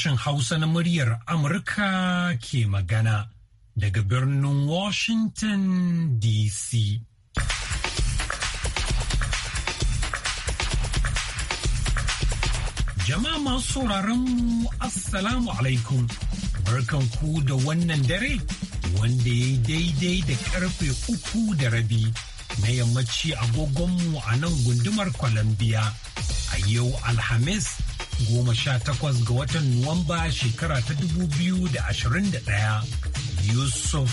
sashen Hausa na muryar Amurka ke magana daga birnin Washington DC. Jama'a masu sauraron mu Assalamu alaikum, barkan ku da wannan dare wanda ya yi daidai da karfe uku da rabi na yammaci agogonmu a nan gundumar Columbia a yau Alhamis goma sha takwas ga watan Nuwamba shekara ta dubu biyu da ashirin da ɗaya. Yusuf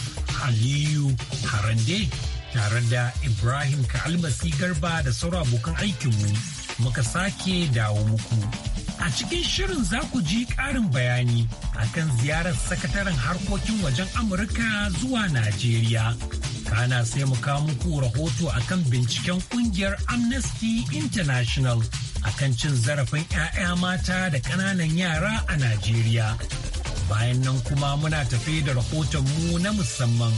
Aliyu Harande tare da Ibrahim Almasi Garba da sauran abokan aikinmu muka sake dawo muku. A cikin shirin za ku ji ƙarin bayani akan ziyarar sakataren harkokin wajen Amurka zuwa Najeriya. Kana sai mu kawo muku rahoto akan binciken kungiyar Amnesty International a kan cin zarafin 'ya'ya mata da ƙananan yara a Najeriya. Bayan nan kuma muna tafe da rahotonmu na musamman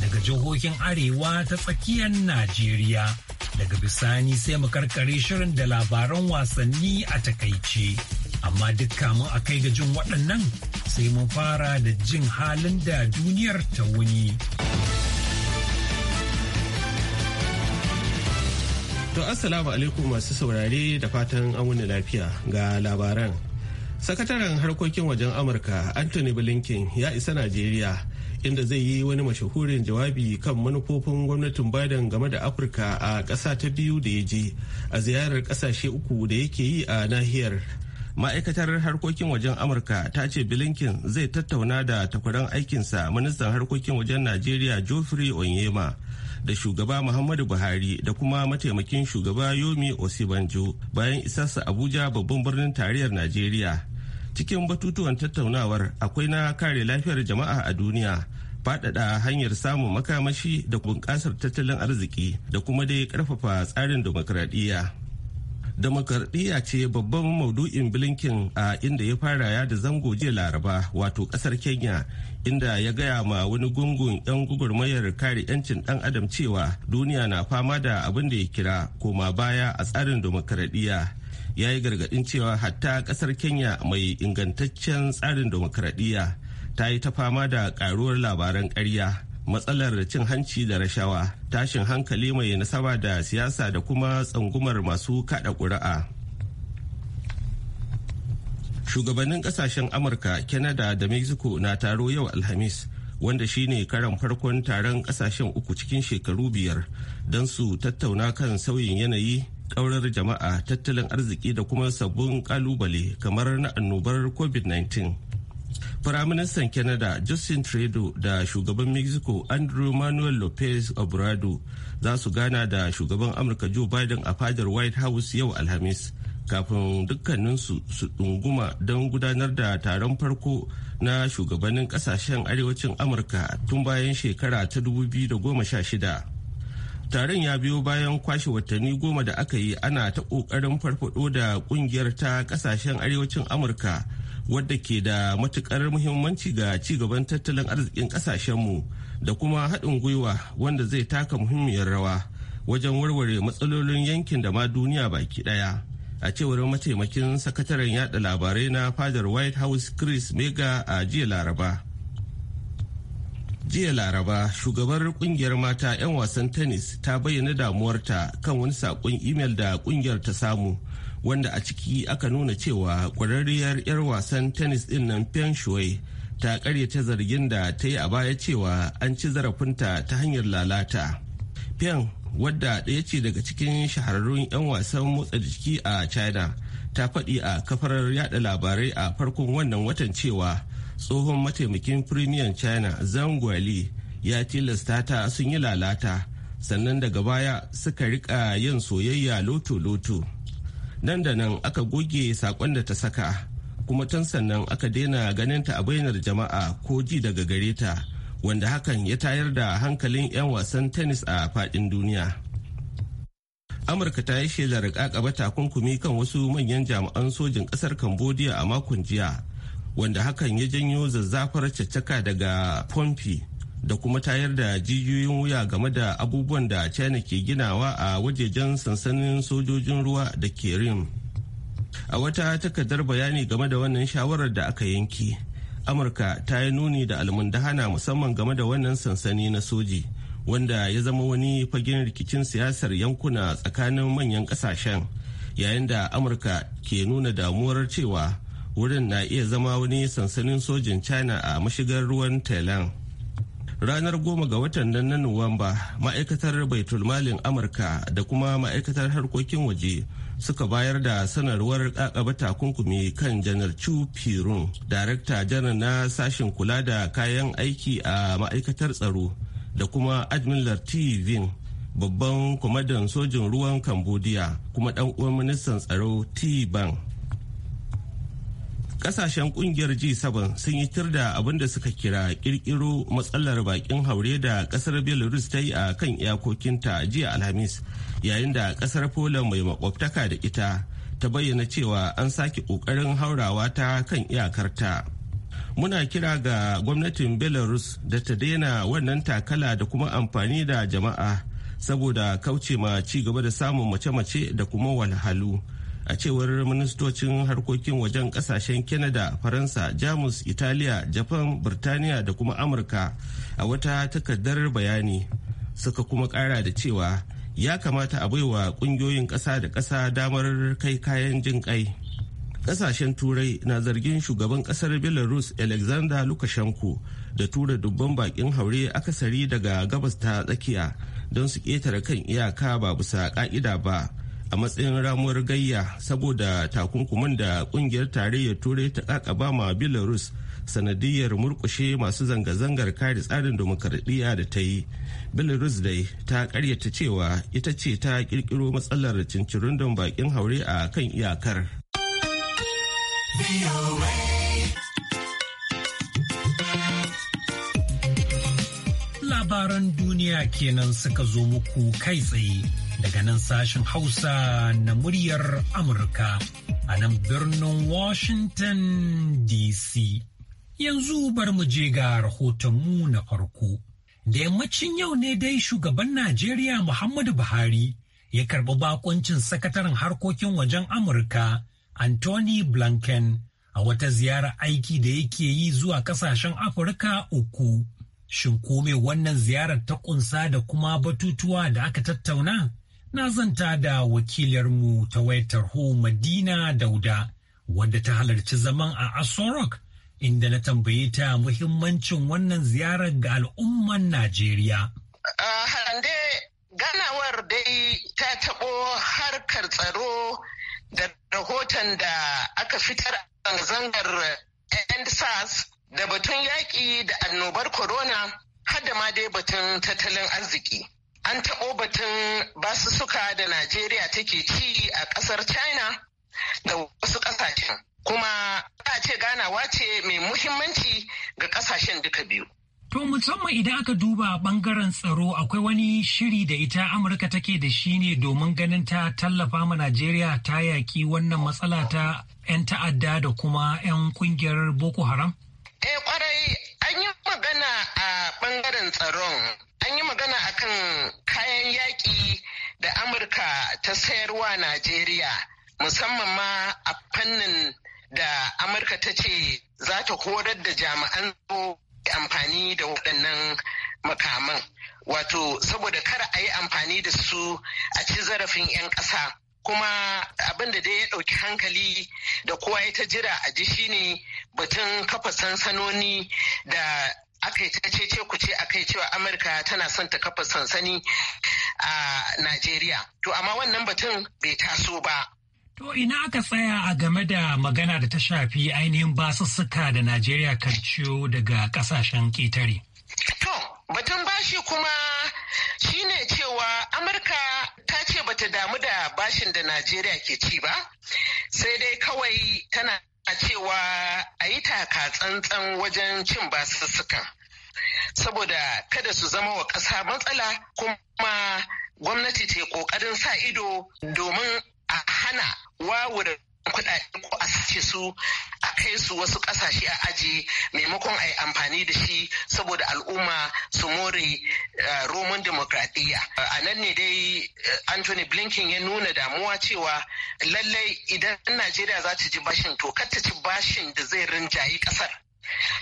daga jihohin Arewa ta tsakiyar Najeriya. Daga bisani sai mu karkare shirin da labaran wasanni a takaice. Amma duk kamun a kai ga jin waɗannan sai mun fara da jin halin da duniyar ta wuni. To assalamu alaikum masu saurare da fatan an wuni lafiya ga labaran. Sakataren harkokin wajen Amurka Anthony Blinken ya isa Najeriya inda zai yi wani mashahurin jawabi kan manufofin gwamnatin Biden game da Afirka a ƙasa ta biyu da ya je a ziyarar ƙasashe uku da yake yi a nahiyar. Ma'aikatar harkokin wajen Amurka ta ce Blinken zai tattauna da takwaran aikinsa ministan harkokin wajen Najeriya Geoffrey Onyema. da shugaba muhammadu buhari da kuma mataimakin shugaba yomi osibanjo bayan isarsa abuja babban birnin tariyar najeriya cikin batutuwan tattaunawar akwai na kare lafiyar jama'a a duniya faɗaɗa hanyar samun makamashi da bunƙasar tattalin arziki da kuma dai ƙarfafa tsarin demokradiyya demokradiyya ce babban maudu'in bilinkin a inda ya fara ya da zango jiya laraba wato ƙasar kenya inda ya gaya ma wani gungun 'yan gugurmayar kare 'yancin ɗan adam cewa duniya na fama da abin da ya kira koma baya a tsarin demokaradiyya ya yi gargaɗin cewa hatta ƙasar kenya mai ingantaccen tsarin demokaradiyya ta yi ta fama da ƙaruwar labaran ƙarya matsalar cin hanci da rashawa tashin hankali mai nasaba da siyasa da kuma tsangumar masu kaɗa ƙuri'a. shugabannin kasashen amurka canada da mexico na taro yau alhamis wanda shine karan farkon taron kasashen uku cikin shekaru biyar don su tattauna kan sauyin yanayi kaurar jama'a tattalin arziki da kuma sabbin kalubale kamar na annobar covid-19 firaministan canada justin trudeau da shugaban mexico andrew manuel lopez Obrador za su gana da shugaban amurka joe biden a fadar white house yau alhamis kafin dukkaninsu su ɗunguma don gudanar da taron farko na shugabannin ƙasashen arewacin amurka tun bayan shekara ta 2016 taron ya biyo bayan kwashe watanni goma da aka yi ana ta ƙoƙarin farfado da ƙungiyar ta kasashen arewacin amurka wadda ke da matuƙar muhimmanci ga cigaban tattalin arzikin ƙasashenmu da kuma haɗin gwiwa wanda zai taka muhimmiyar rawa wajen warware matsalolin yankin da ma duniya baki ɗaya. a cewar mataimakin sakataren yada labarai na fadar white house chris mega a jiya laraba jiya laraba shugabar kungiyar mata 'yan wasan tennis ta bayyana damuwarta kan wani sakon imel da kungiyar ta samu wanda a ciki aka nuna cewa kwararriyar 'yar wasan tennis din nan feng shui ta karyata zargin da ta yi a baya cewa an ci zarafinta ta hanyar lalata. Pyong wadda ɗaya ce daga cikin shahararrun 'yan wasan motsa jiki a china ta faɗi a kafar yada labarai a farkon wannan watan cewa tsohon mataimakin premier china zhang guali ya tilasta ta sun yi lalata sannan daga baya suka rika yin soyayya loto-loto nan da nan aka goge sakon da ta saka kuma tun sannan aka daina ganinta a bainar jama'a ko ji daga gare ta wanda hakan ya tayar da hankalin 'yan wasan tennis a fadin duniya. Amurka ta yi shelar kakaba takunkumi kan wasu manyan jami'an sojin ƙasar Cambodia a makon jiya, wanda hakan ya janyo zazzafar caccaka daga Pompi da kuma tayar da jijiyoyin wuya game da abubuwan da China ke ginawa a wajejen sansanin sojojin ruwa da ke Rim. A wata takardar bayani game da wannan shawarar da aka yanke. amurka ta yi nuni da almundahana musamman game da wannan sansani na soji wanda ya zama wani fagen rikicin siyasar yankuna tsakanin manyan kasashen yayin da amurka ke nuna damuwar cewa wurin na iya zama wani sansanin sojin china a mashigar ruwan thailand ranar goma ga watan nan na nuwamba ma'aikatar baitulmalin amurka da kuma ma'aikatar harkokin waje suka bayar da sanarwar kakaba takunkumi kan janar chu pirun darakta janar na sashen kula da kayan aiki a ma'aikatar tsaro da kuma admiral tv babban kwamandan sojin ruwan cambodia kuma dan uwan ministan tsaro t-bank kasashen kungiyar g7 sun yi tir da abin da suka kira kirkiro matsalar bakin haure da kasar belarus ta yi a kan iyakokinta jiya alhamis yayin da kasar poland mai makwabtaka da ita ta bayyana cewa an sake kokarin haurawa ta kan iyakarta muna kira ga gwamnatin belarus da ta daina wannan takala da kuma amfani da jama'a saboda kauce ma ci gaba da samun mace-mace da kuma walhalu a cewar ministocin harkokin wajen kasashen canada faransa jamus italiya japan birtaniya da kuma amurka a wata takardar bayani suka kuma kara da cewa ya kamata a baiwa kungiyoyin ƙasa da ƙasa damar kai kayan jin ƙai. Ƙasashen Turai na zargin shugaban ƙasar Belarus Alexander Lukashenko da tura dubban baƙin haure akasari daga gabas ta tsakiya don su ƙetare kan iyaka ba bisa ƙa'ida ba a matsayin ramuwar gayya saboda takunkuman da ƙungiyar tarayyar Turai ta ƙaƙaba ma Belarus sanadiyar murkushe masu zanga-zangar kare tsarin demokaradiyya da ta yi belarus dai ta karyata cewa ita ce ta kirkiro matsalar don bakin haure a kan iyakar labaran duniya kenan suka zo muku kai tsaye daga nan sashen hausa na muryar amurka a nan birnin washington dc Yanzu bar mu je ga rahotonmu na farko. Da yammacin yau ne dai shugaban Najeriya Muhammadu Buhari ya karɓi bakoncin sakataren harkokin wajen Amurka Anthony Blinken a wata ziyarar aiki da yake yi zuwa kasashen Afirka uku. Shin kome wannan ziyarar ta kunsa da kuma batutuwa da aka tattauna? Na zanta da wakilarmu ta wayar tarho Madina Dauda, wadda ta halarci zaman a Asorok inda na tambaye ta muhimmancin wannan ziyarar ga al'umman Najeriya. Hande ganawar dai ta taɓo harkar tsaro da rahoton da aka fitar a zangar nsas da batun yaƙi da annobar corona hada ma dai batun tattalin arziki. An taɓo batun basussuka da Najeriya take ci a ƙasar China da wasu ƙasashen. Kuma ce ganawa ce mai muhimmanci ga kasashen duka biyu. To musamman idan aka duba bangaren tsaro akwai wani shiri da ita Amurka take da shi ne domin ganin ta tallafa ma Najeriya ta yaki wannan matsala ta 'yan ta'adda da kuma 'yan kungiyar Boko Haram? Eh kwarai an yi magana a bangaren tsaron an yi magana a kan kayan yaƙi da Amurka ta sayarwa Najeriya musamman ma a fannin da amurka ta ce za ta horar da jami'an amfani da waɗannan makaman wato saboda kar a yi amfani da su a ci zarafin 'yan ƙasa kuma abin da dai ya ɗauki hankali da kowa ya ta jira a ji shine batun kafa sansanoni da aka yi ta ce ku ce aka yi cewa amurka tana son ta kafa sansani a najeriya to amma wannan batun bai taso ba To ina aka tsaya a game da magana da ta shafi ainihin basussuka da Najeriya kan ciyo daga kasashen ƙetare. To, batun bashi kuma shi ne cewa Amurka ta ce bata damu da bashin da Najeriya ke ci ba, sai dai kawai tana cewa a yi taka tsantsan wajen cin basussukan. Saboda kada su zama wa ƙasa matsala kuma gwamnati ta yi ƙoƙarin sa ido domin a hana da kudaden ko a sace su a kai su wasu kasashe a aji maimakon a yi amfani da shi saboda al'umma su more eh, roman demokradiyya a nan ne dai eh, anthony blinken ya nuna damuwa cewa lallai idan najeriya za ta ji bashin to kar ta ci bashin da zai rinjayi kasar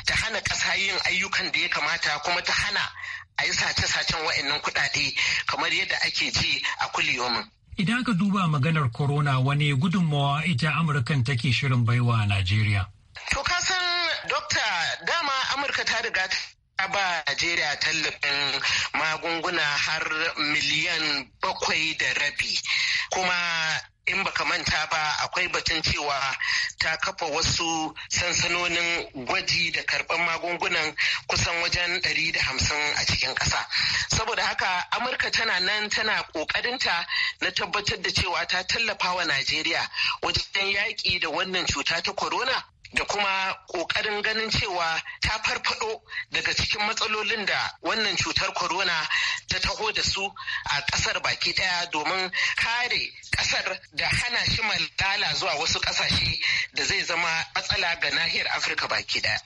ta hana kasa yin ayyukan da ya kamata kuma ta hana a yi sace-sacen wa'annan kudade kamar yadda ake ji a kuliyomin Idan ka duba maganar corona wani gudunmawa ita Amurkan take shirin baiwa a Najeriya. To kasan dokta dama Amurka ta riga ta ba Najeriya tallafin magunguna har miliyan bakwai da rabi. Kuma in baka manta ba akwai batun cewa ta kafa wasu sansanonin gwaji da karɓar magungunan kusan wajen 150 a cikin ƙasa saboda haka amurka tana nan tana ƙoƙarinta na tabbatar da cewa ta tallafa wa najeriya wajen yaƙi da wannan cuta ta corona da kuma ƙoƙarin ganin cewa ta farfado daga cikin matsalolin da wannan cutar corona ta taho da su a ƙasar baki ɗaya domin kare ƙasar da hana shi malala zuwa wasu ƙasashe da zai zama matsala ga nahiyar afirka baki ɗaya.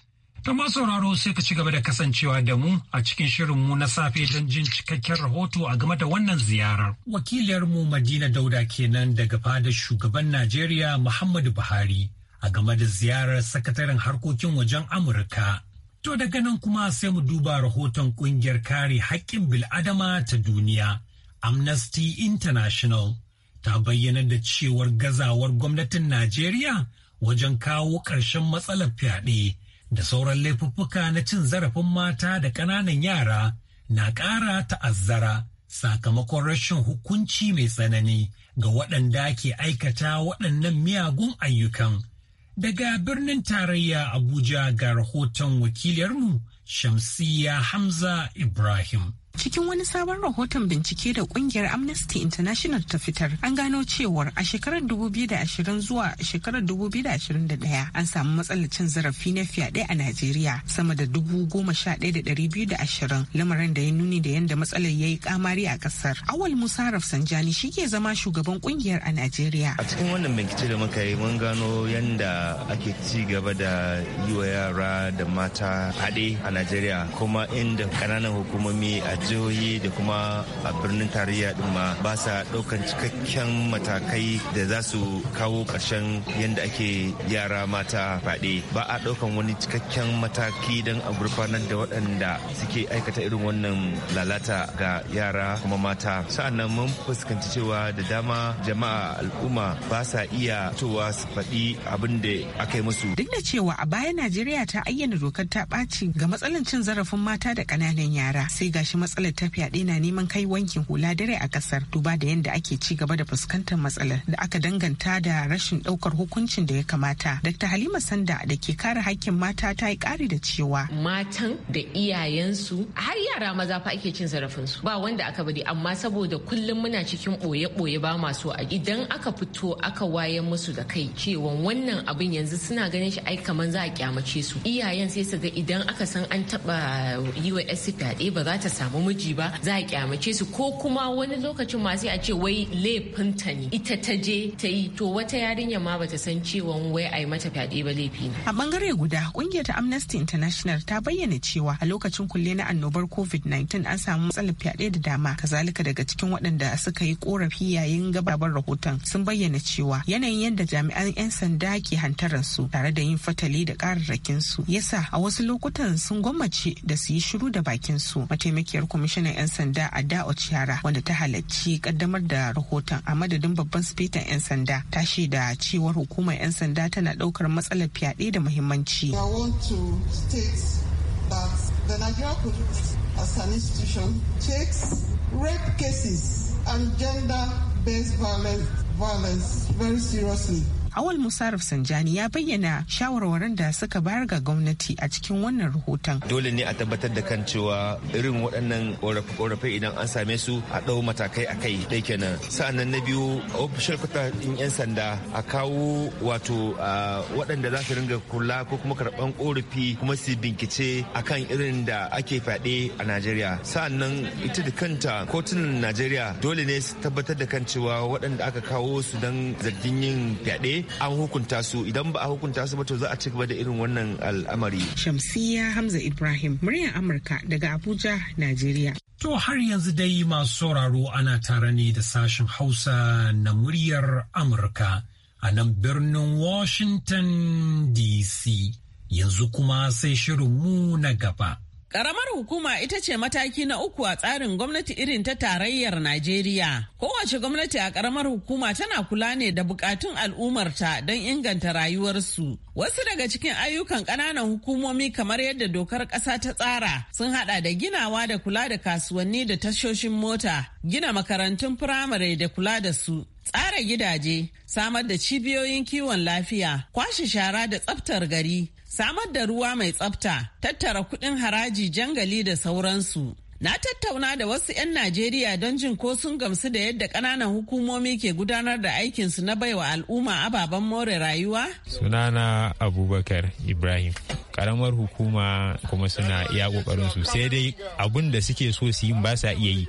Tama sauraro sai ka ci gaba da kasancewa da mu a cikin shirin mu na safe don jin cikakken rahoto a game da wannan ziyarar. Wakiliyarmu Madina Dauda kenan daga fadar shugaban Najeriya Muhammadu Buhari. a game da ziyarar sakataren harkokin wajen Amurka. To daga nan kuma sai mu duba rahoton kungiyar kare haƙƙin bil'adama ta duniya, Amnesty International, ta bayyana da cewar gazawar gwamnatin Najeriya wajen kawo ƙarshen matsalar fyaɗe da sauran laifuffuka na cin zarafin mata da ƙananan yara na ƙara ta'azzara sakamakon rashin hukunci mai tsanani ga waɗanda ke aikata waɗannan miyagun ayyukan. Daga birnin tarayya Abuja ga rahoton wakiliyarmu Shamsiya Hamza Ibrahim. Cikin wani sabon rahoton bincike da kungiyar Amnesty International ta fitar, an gano cewar a shekarar 2020 zuwa shekarar 2021 an samu matsalar cin zarafi na fyaɗe a Najeriya sama da 11,220 lamarin da ya nuni da yadda matsalar ya yi kamari a ƙasar. Awal Musa Rafsanjani shi ke zama shugaban kungiyar a Najeriya. A cikin wannan bincike da muka yi mun gano yadda ake ci gaba da yi wa yara da mata haɗe a Najeriya kuma inda kananan hukumomi a jihohi da kuma a birnin tarayya din ma ba sa ɗaukan cikakken matakai da za su kawo ƙarshen yadda ake yara mata faɗe ba a ɗaukan wani cikakken mataki don a gurfanar da waɗanda suke aikata irin wannan lalata ga yara kuma mata nan mun fuskanci cewa da dama jama'a al'umma ba sa iya towa su faɗi abin da aka yi musu duk da cewa a baya najeriya ta ayyana dokar ta ɓaci ga matsalar cin zarafin mata da ƙananan yara sai gashi matsalar ta fyaɗe na neman kai wankin hula dare a kasar duba da yadda ake ci gaba da fuskantar matsalar da aka danganta da rashin ɗaukar hukuncin da ya kamata. Dr. Halima Sanda da ke kare hakkin mata ta yi ƙari da cewa. Matan da iyayensu har yara maza fa ake cin su. ba wanda aka bari amma saboda kullum muna cikin ɓoye-ɓoye ba masu a idan aka fito aka wayan musu da kai cewa wannan abin yanzu suna ganin shi ai kamar za a kyamace su iyayen sai su ga idan aka san an taɓa yi wa fyaɗe ba za ta samu namiji ba za a kyamace su ko kuma wani lokacin ma sai a ce wai laifinta ne ita ta je ta yi to wata yarinya ma bata san cewa wai a yi mata fyaɗe ba laifi ne. A bangare guda kungiyar ta Amnesty International ta bayyana cewa a lokacin kulle na annobar COVID-19 an samu matsalar fyaɗe da dama kazalika daga cikin waɗanda suka yi korafi yayin gababar rahoton sun bayyana cewa yanayin yadda jami'an 'yan sanda ke hantaran su tare da yin fatali da ƙararrakin su yasa a wasu lokutan sun gwammace da su yi shiru da bakin su mataimakiyar kwamishinan 'yan sanda a da Ochara wanda ta halarci kaddamar da rahoton a madadin babban sifitan 'yan sanda ta shaida cewar hukumar 'yan sanda tana daukar matsalar fyaɗe da muhimmanci. based violence, violence very seriously. Awal Musarraf Sanjani ya bayyana shawarwarin da suka bayar ga gwamnati a cikin wannan rahoton. Dole ne a tabbatar da kan cewa irin waɗannan ƙorafe idan an same su a ɗau matakai a kai ɗai kenan. Sa'annan na biyu ofishar kuta 'yan sanda a kawo wato waɗanda za su ringa kula ko kuma karɓan ƙorafi kuma su a akan irin da ake fyaɗe a Najeriya. Sa'annan ita da kanta kotunan Najeriya dole ne su tabbatar da kan cewa waɗanda aka kawo su don zargin yin fyaɗe an hukunta su idan ba a hukunta su ba to za a ci gaba da irin wannan al'amari. Shamsiya Hamza Ibrahim murya Amurka daga Abuja, Najeriya. To har yanzu dai masu sauraro ana tare ne da sashen Hausa na muryar Amurka a nan birnin Washington DC. Yanzu kuma sai shirin mu na gaba. Ƙaramar hukuma ita ce mataki na uku a tsarin gwamnati irin ta tarayyar Najeriya. Kowace gwamnati a ƙaramar hukuma tana kula ne da buƙatun al'ummarta don inganta rayuwarsu. Wasu daga cikin ayyukan ƙananan hukumomi kamar yadda dokar ƙasa ta tsara sun haɗa da ginawa da kula da kasuwanni da tashoshin mota, gina makarantun firamare da kula da su, tsara gidaje, samar da cibiyoyin kiwon lafiya, kwashe shara da tsaftar gari, samar da ruwa mai tsafta, tattara kuɗin haraji jangali da sauransu. Na tattauna da wasu 'yan Najeriya don jin ko sun gamsu da yadda ƙananan hukumomi ke gudanar da aikinsu na baiwa al'umma ababen more rayuwa? Sunana Abubakar Ibrahim. Karamar hukuma kuma suna iya ƙoƙarin su sai dai abun da suke so su yi ba sa iya yi.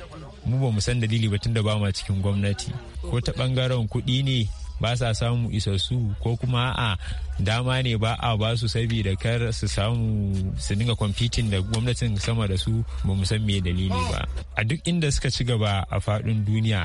Mu ba mu san dalili ba tun da ba mu cikin gwamnati. Ko ta ɓangaren kuɗi ne ba sa samu isassu ko kuma a dama ne ba a ba su saboda kar su samu su dinga kwamfitin da gwamnatin sama da su ba mu san me dalili ba a duk inda suka ci gaba a faɗin duniya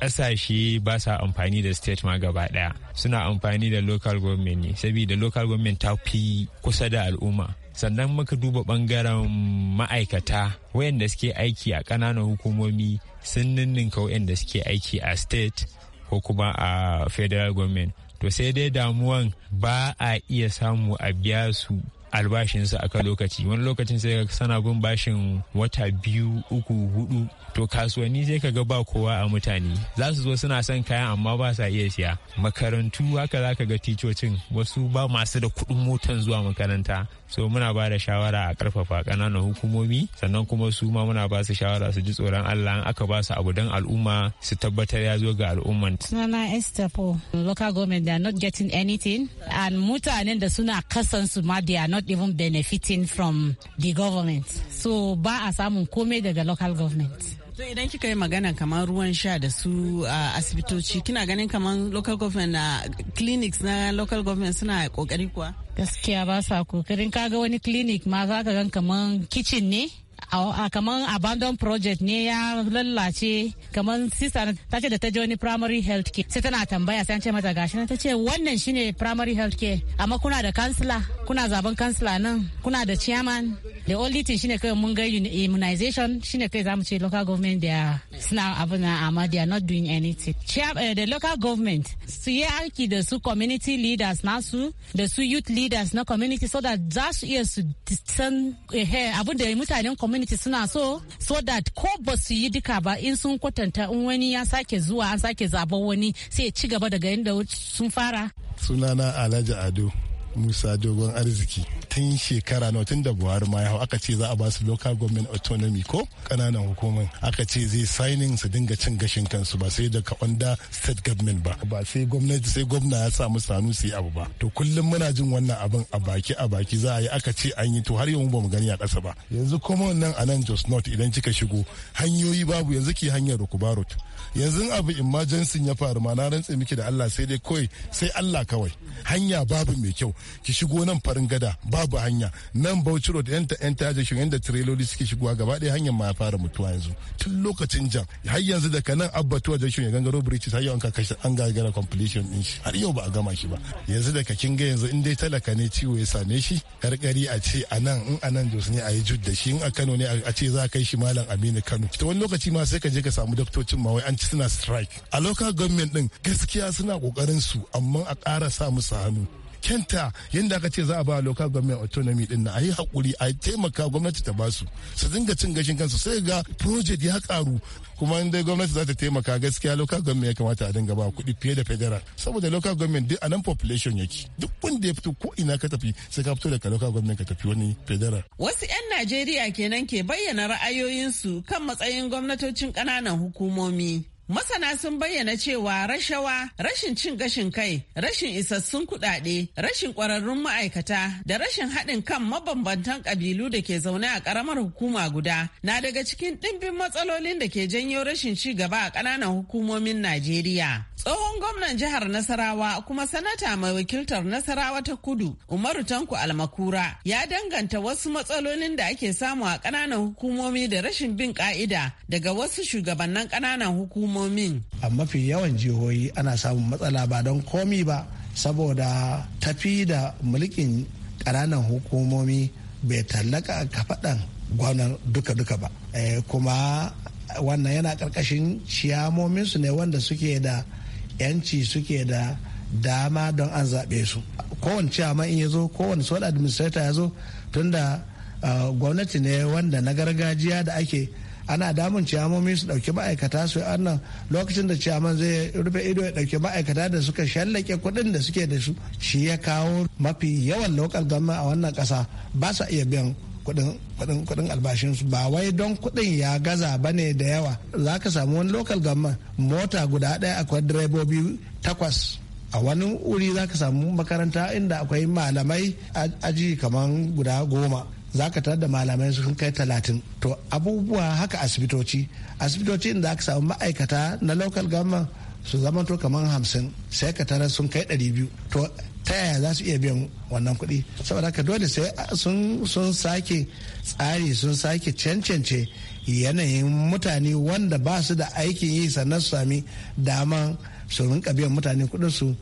ƙasashe ba sa amfani da state ma gaba ɗaya suna amfani da local government ne saboda local government ta fi kusa da al'umma sannan muka duba bangaren ma'aikata wayanda suke aiki a ƙananan hukumomi sun ninninka wayanda suke aiki a state ko kuma a federal government to sai dai damuwan ba a iya samu a biya su albashinsa a kan lokaci wani lokacin sai ka sana gun bashin wata biyu uku hudu to kasuwanni sai ka ga ba kowa a mutane za su zo suna son kayan amma ba sa iya siya makarantu haka za ka ga ticocin wasu ba masu da kuɗin motan zuwa makaranta so muna ba da shawara a karfafa ƙananan hukumomi sannan kuma su ma muna ba su shawara su ji tsoron Allah aka ba su abu dan al'umma su tabbatar ya zo ga al'umman. Sunana Esther Paul, local government they are not getting anything and mutanen da suna kasansu ma they are not even benefiting from the government so ba a samun komai daga local government to idan kika yi magana kamar ruwan sha da su a asibitoci kina ganin kamar local government na clinics na local government suna kokari kuwa gaskiya ba sa kokarin kaga wani clinic ma za ka gan kamar kitchen ne kamar abandon project ne ya lallace kamar sista ta ce da ta joni wani primary health care sai tana tambaya sai an ce mata gashi ta ce wannan shine primary health care amma kuna da kansila kuna zaben kansila nan kuna da chairman the only thing shine kai mun ga immunization shine kai zamu ce local government da suna abu na amma they are not doing anything eh, the local government su yi aiki da su community leaders na su da su youth leaders na community so that za su iya su send eh, eh, abu da mutanen community suna so so that ko ba su yi duka ba in sun kwatanta in wani ya sake zuwa an sake zaben wani sai ya ci gaba daga inda sun fara sunana alhaji ado musa dogon arziki tun shekara na tun da buhari ma ya hau aka ce za a ba su local government autonomy ko kananan hukumar aka ce zai signing su dinga cin gashin kansu ba sai daga under state government ba ba sai gwamnati sai gwamna ya samu sanu su yi abu ba to kullum muna jin wannan abin a baki a baki za a yi aka ce an yi to har yanzu ba mu gani a ƙasa ba yanzu kuma nan a nan jos north idan kika shigo hanyoyi babu yanzu ke hanyar rukuba road yanzu abu emergency ya faru ma na rantse miki da Allah sai dai kawai sai Allah kawai hanya babu mai kyau ki shigo nan farin gada babu hanya nan Bauchi road yan ta yan taje shi yanda trailoli suke shigowa gaba ɗaya hanyar ma ya fara mutuwa yanzu tun lokacin jan har yanzu daga nan abba tuwa junction ya gangaro bridge har yau an kashe an gagara completion din shi har yau ba a gama shi ba yanzu daga kin ga yanzu in dai talaka ne ciwo ya same shi karkari a ce a nan in a jos ne a yi jud da shi in a Kano ne a ce za a kai shi malam Aminu Kano to wani lokaci ma sai ka je ka samu doktocin ma wai an suna strike a local government din gaskiya suna kokarin su amma a ƙara sa musu hannu kyanta yadda aka ce za a ba local government autonomy din na a yi hakuri a taimaka gwamnati ta basu su dinga cin gashin kansu sai ga project ya karu kuma inda gwamnati za ta taimaka gaskiya local government ya kamata a dinga ba kuɗi fiye da federal saboda local government duk a nan population yake duk wanda ya fito ko ina ka tafi sai ka fito daga local government ka tafi wani federal. wasu 'yan najeriya kenan ke bayyana ra'ayoyinsu kan matsayin gwamnatocin ƙananan hukumomi. Masana sun bayyana cewa rashawa, rashin cin gashin kai, rashin isassun kuɗaɗe, rashin ƙwararrun ma'aikata da rashin haɗin kan mabambantan ƙabilu da ke zaune a ƙaramar hukuma guda na daga cikin ɗimbin matsalolin da ke janyo rashin ci gaba a ƙananan hukumomin Najeriya. Tsohon gwamnan jihar Nasarawa kuma sanata mai wakiltar Nasarawa ta kudu Umaru Tanko Almakura ya danganta wasu matsalolin da ake samu a ƙananan hukumomi da rashin bin ƙa'ida daga wasu shugabannin ƙananan hukuma. hukumomin a mafi yawan jihohi ana samun matsala ba don komi ba saboda tafi da mulkin ƙananan hukumomi bai tallaka kafaɗan gwanar duka-duka ba eh, kuma wannan yana ƙarƙashin ciyamominsu ne wanda suke da 'yanci suke da dama don an zaɓe su kowane ciyaman in ya zo kowane sole administrator ya zo tunda eh, gwamnati ne wanda na gargajiya da ake ana damun ciyamomi su dauki ma'aikata su annan lokacin da ciyaman zai rufe ido ya dauki ma'aikata da suka shallake kuɗin da suke da su shi ya kawo mafi yawan local government a wannan ƙasa ba sa iya biyan kudin albashin albashinsu ba wai don kuɗin ya gaza ba ne da yawa za ka samu wani local government mota guda ɗaya akwai direbobi takwas a wani wuri za ka samu makaranta inda akwai malamai aji kamar guda goma za ka tarar da malamai sun kai talatin to abubuwa haka asibitoci asibitoci inda aka samu ma'aikata na local government su zamanto kamar hamsin sai ka tarar sun kai ɗari biyu to ta yaya za su iya biyan wannan kuɗi saboda ka dole sai sun sake tsari sun sake cancance yanayin mutane wanda ba su da aikin yi sannan su sami daman su rinka biyan mutane kuɗinsu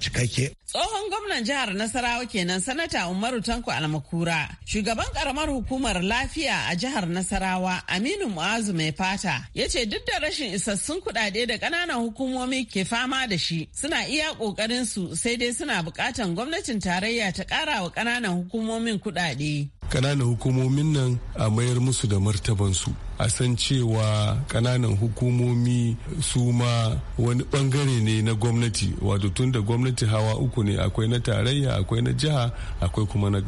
cikakke. Tsohon gwamnan jihar Nasarawa kenan sanata Umaru Tanko Almakura, shugaban karamar hukumar lafiya a jihar Nasarawa Aminu Mu'azu mai fata ya ce duk da rashin isassun kuɗaɗe da ƙananan hukumomi ke fama da shi suna iya ƙoƙarin su sai dai suna buƙatan gwamnatin tarayya ta ƙara wa ƙananan hukumomin kuɗaɗe. kananan hukumomin nan a mayar musu da martabansu a san cewa kananan hukumomi su ma wani bangare ne na gwamnati wato tun da gwamnati hawa uku ne akwai na tarayya akwai na jiha akwai kuma na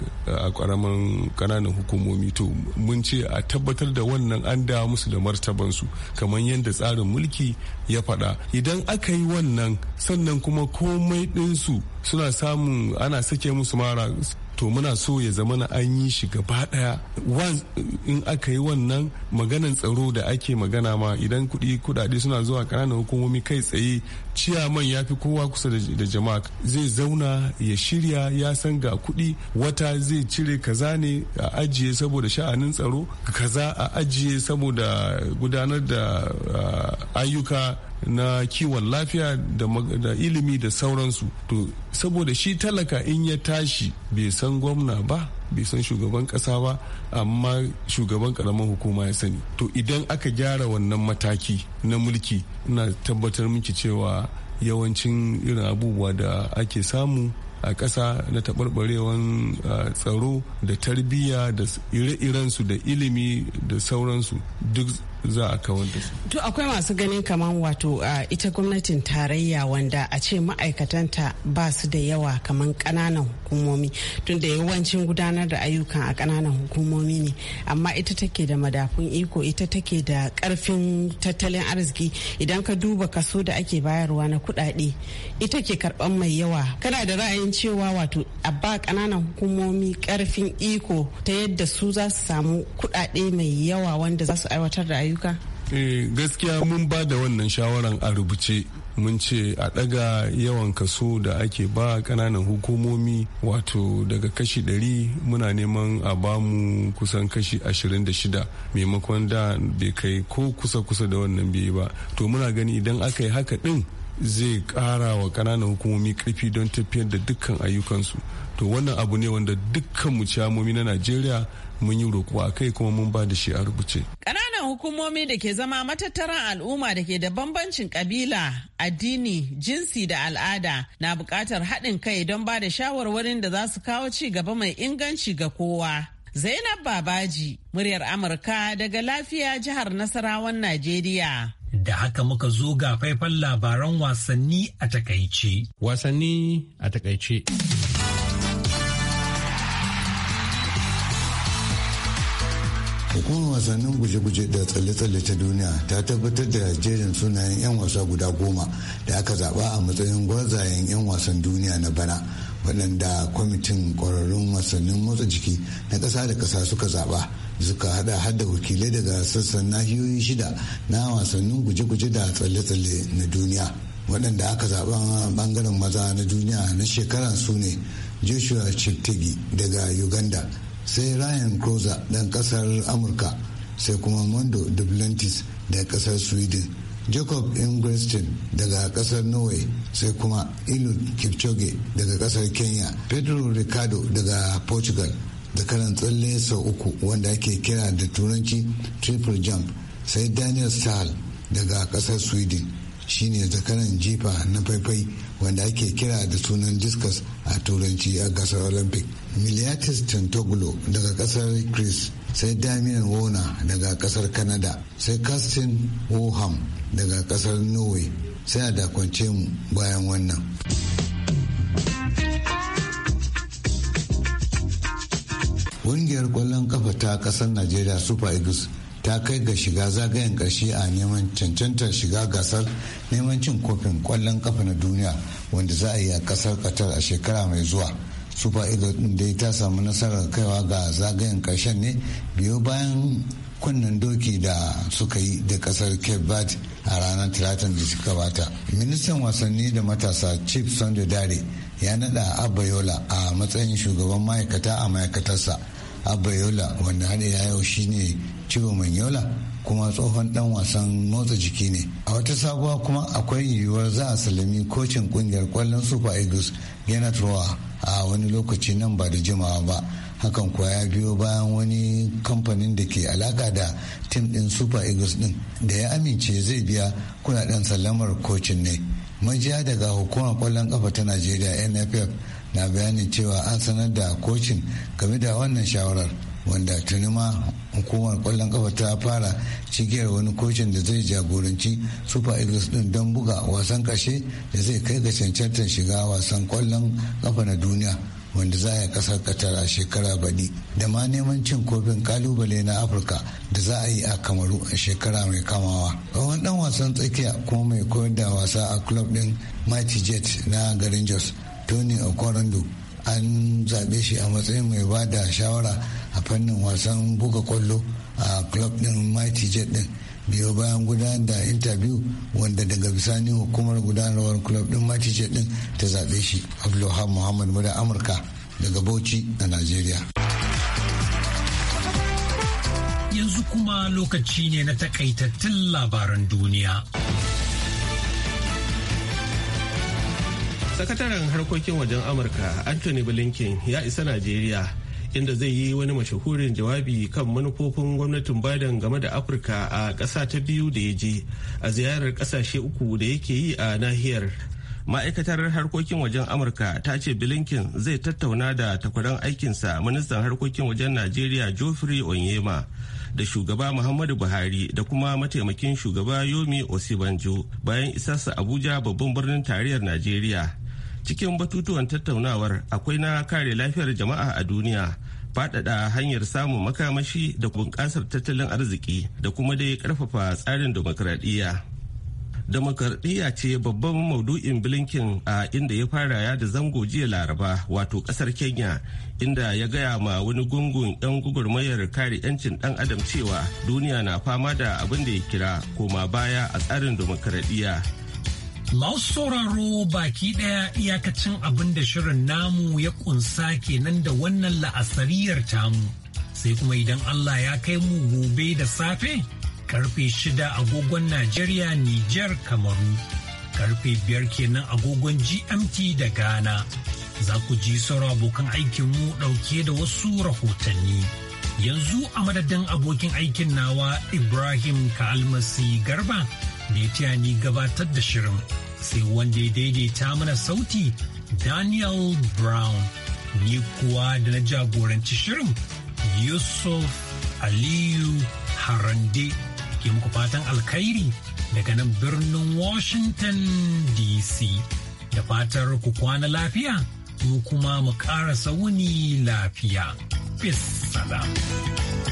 karaman kananan hukumomi to mun ce a tabbatar da wannan an da musu da martabansu kamar yadda tsarin mulki ya faɗa idan aka yi wannan sannan kuma komai ɗinsu suna samun ana sake musu mara to muna so ya zama na an yi shi gaba daya in aka yi wannan maganan tsaro da ake magana ma idan kudi kudade suna zuwa ƙananan hukumomi kai tsaye ciyaman ya fi kowa kusa da jama'a zai zauna ya shirya ya san ga kuɗi wata zai cire kaza ne a ajiye saboda sha'anin tsaro kaza a ajiye saboda gudanar da ah, ayyuka na kiwon lafiya da ilimi da sauransu to saboda shi talaka in ya tashi bai san gwamna ba bai san shugaban kasa ba amma shugaban karamin hukuma ya sani to idan aka gyara wannan mataki na mulki ina tabbatar miki cewa yawancin irin abubuwa da ake samu a ƙasa na taɓarɓarewan tsaro da tarbiyya da ire-irensu da ilimi da sauransu duk za a kawo da su. To akwai masu ganin kamar wato ita gwamnatin tarayya wanda a ce ma'aikatanta ba su da yawa kamar ƙananan hukumomi tunda yawancin gudanar da ayyukan a ƙananan hukumomi ne amma ita take da madafun iko ita take da ƙarfin tattalin arziki idan ka duba kaso da ake bayarwa na kuɗaɗe ita ke karɓan mai yawa kana da ra'ayin cewa wato a ba ƙananan hukumomi ƙarfin iko ta yadda su za su samu kuɗaɗe mai yawa wanda za su aiwatar da ayyuka eh gaskiya mun ba da wannan shawaran a rubuce mun ce a ɗaga yawan kaso da ake ba ƙananan hukumomi wato daga kashi 100 muna neman a bamu kusan kashi 26 maimakon da bai kai ko kusa-kusa da wannan biyu ba to muna gani idan aka yi haka ɗin zai ƙara wa ƙananan hukumomi karfi don tafiyar da dukkan ayyukansu to wannan abu ne wanda dukkan mu na najeriya mun yi roƙo a kai kuma mun ba da shi a rubuce Ƙananan hukumomi da ke zama matattaran al'umma da ke da bambancin ƙabila, addini, jinsi da al'ada na bukatar haɗin kai don ba da shawarwarin da za su kawo ci gaba mai inganci ga kowa. Zainab Babaji, muryar Amurka daga lafiya jihar Nasarawan Najeriya. Da haka muka zo ga faifan labaran wasanni a takaice. Wasanni a takaice. hukumar wasannin guje-guje da tsalle-tsalle ta duniya ta tabbatar da jerin sunayen 'yan wasa guda goma da aka zaba a matsayin gwarzayen 'yan wasan duniya na bana waɗanda kwamitin ƙwararrun wasannin motsa jiki na ƙasa da ƙasa suka zaɓa suka hada hada wakilai daga sassan nahiyoyi shida na wasannin guje-guje da tsalle-tsalle na duniya waɗanda aka zaɓa a ɓangaren maza na duniya na shekara su ne joshua cheptegei daga uganda sai ryan crozer dan kasar amurka sai kuma mondo dublantis daga kasar sweden jacob ingrestin daga kasar norway sai kuma ilu kipchoge daga kasar kenya pedro ricardo daga portugal da karan tsalle sau uku wanda ake kira da turanci triple jump sai daniel stahl daga kasar sweden shine zakaran jifa na faifai wanda ake kira da sunan discus a turanci a gasar olympic miliatis tentoglo daga kasar chris sai damian wona daga kasar canada sai Castin woham daga kasar norway sai a dakwance mu bayan wannan ƙungiyar ƙwallon kafa ta ƙasar najeriya super eagles ta kai ga shiga zagayen ƙarshe a neman cancantar shiga gasar neman cin kofin ƙwallon kafa na duniya wanda za a yi a ƙasar qatar a shekara mai zuwa super eagles dai ta samu nasarar kaiwa ga zagayen ƙarshen ne biyo bayan kunnen doki da suka yi da kasar cape verde a ranar talatin da suka bata ministan wasanni da matasa chief sando dare ya nada abayola a matsayin shugaban ma'aikata a ma'aikatarsa abayola wanda har ya yau shine ciwo manyola kuma tsohon dan wasan motsa jiki ne a wata sabuwa kuma akwai yiwuwar za a salami kocin kungiyar kwallon super eagles yana turowa a wani lokaci nan ba da jimawa ba hakan kuwa ya biyo bayan wani kamfanin da ke alaka da tim din super eagles din da ya amince zai biya kudaden sallamar kocin ne majiya daga hukumar kwallon kafa ta najeriya nff na bayanin cewa an sanar da kocin game da wannan shawarar wanda tuni ma hukumar kwallon kafa ta fara cigiyar wani kocin da zai jagoranci super eagles din don buga wasan kashe da zai kai ga cancantar shiga wasan kwallon kafa na duniya wanda za a kasar katar a shekara baɗi da ma neman cin kofin kalubale na afirka da za a yi a kamaru a shekara mai kamawa tsawon dan wasan tsakiya kuma mai koyar da wasa a club din mighty jet na garin jos tony okorondo an zaɓe shi a matsayin mai ba da shawara a fannin wasan buga kwallo a club din mighty jet din biyo bayan gudanar da interview wanda daga bisani hukumar gudanarwar club din mighty jet din ta zaɓe shi abdulhamid muhammad muda amurka daga bauchi a nigeria yanzu kuma lokaci ne na takaitattun labaran duniya sakataren harkokin wajen amurka anthony blinken ya isa najeriya inda zai yi wani mashahurin jawabi kan manufofin gwamnatin biden game da afirka a kasa ta biyu da ya je a ziyarar ƙasashe uku da yake yi a nahiyar ma'aikatar harkokin wajen amurka ta ce blinken zai tattauna da takwaran aikinsa ministan harkokin wajen najeriya geoffrey onyema da shugaba muhammadu buhari da kuma mataimakin shugaba yomi osibanjo bayan isarsa abuja babban birnin tarayyar najeriya cikin batutuwan tattaunawar akwai na kare lafiyar jama'a a duniya faɗaɗa hanyar samun makamashi da bunƙasar tattalin arziki da kuma dai ƙarfafa tsarin demokradiyya demokradiyya ce babban maudu'in bilinkin a inda ya fara ya da zango jiya laraba wato ƙasar kenya inda ya gaya ma wani gungun 'yan gugurmayar kare 'yancin ɗan adam cewa duniya na fama da abin da ya kira koma baya a tsarin demokradiyya Masu sauraro baki ɗaya iyakacin abin da shirin namu ya kunsa kenan da wannan la'asariyar tamu. Sai kuma idan Allah ya kai mu gobe da safe, karfe shida agogon Najeriya Nijar Kamaru, karfe biyar kenan agogon GMT da Ghana. Za ku ji sauro abokan aikinmu ɗauke da wasu rahotanni. Yanzu a madadin abokin aikin nawa Ibrahim Ka'almasi Garba. da ya ni gabatar da shirin sai wanda ya daidaita mana sauti Daniel Brown. Ni kuwa da na jagoranci shirin Yusuf Aliyu Harande ke muku fatan alkhairi daga nan birnin Washington DC. Da fatar ku kwana lafiya, ko kuma mu ƙara sauni lafiya. Peace salam.